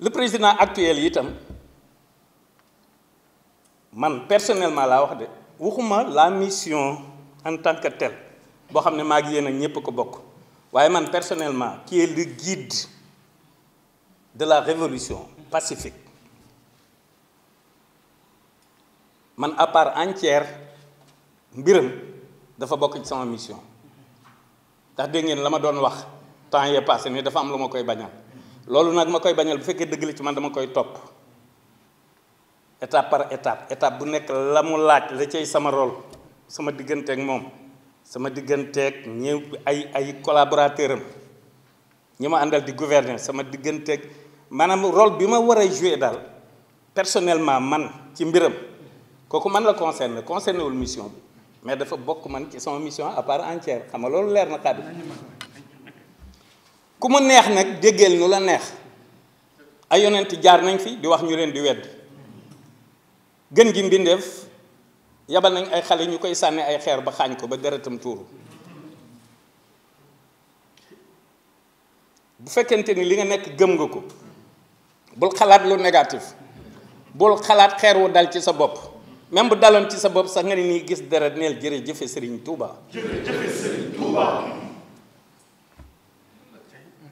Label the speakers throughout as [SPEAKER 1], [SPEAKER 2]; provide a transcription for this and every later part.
[SPEAKER 1] le président actuel itam man personnellement laa wax de waxuma la mission en tant que telle boo xam ne maa ngi yéen ak ko bokk waaye man personnellement qui est le guide de la révolution pacifique man à part entière mbiram dafa bokk ci sama mission ndax dégg ngeen la ma doon wax temps yee passé ni dafa am lu ma koy bañal loolu nag ma koy bañal bu fekkee dëgg la ci man dama koy topp étape par étape étape bu nekk la mu laaj la cay sama rôle sama digganteeg moom sama digganteeg ñëw ay ay collaborateur am ñi ma àndal di gouverner sama digganteeg maanaam rôle bi ma war a jouer daal personnellement man ci mbiram kooku man la concerné concerné wul mission mais dafa bokk man ci sama mission à part entière xam nga loolu leer na xaadi ku mu neex nag jéggeel nu la neex ay yonent jaar nañ fi di wax ñu leen di wedd gën gi mbindeef yabal nañ ay xale ñu koy sànni ay xeer ba xaañ ko ba deretam tuuru bu fekkente ni li nga nekk gëm nga ko bul xalaat lu négatif bul xalaat xeer wu dal ci sa bopp même bu daloon ci sa bopp sax nga ni nii gis deret neel jëre Sëriñ Tuuba jërëjëfe Sëriñ Tuuba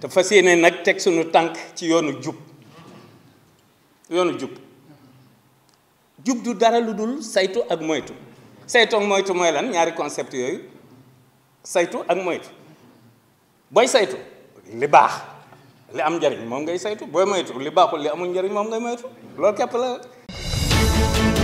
[SPEAKER 1] te fas yéene nag teg suñu tànk ci yoonu jub yoonu jub jub du dara lu dul saytu ak moytu saytu ak moytu mooy lan ñaari concept yooyu saytu ak moytu booy saytu li baax li am njariñ moom ngay saytu booy moytu li baaxul li amul njariñ moom ngay moytu loolu képp la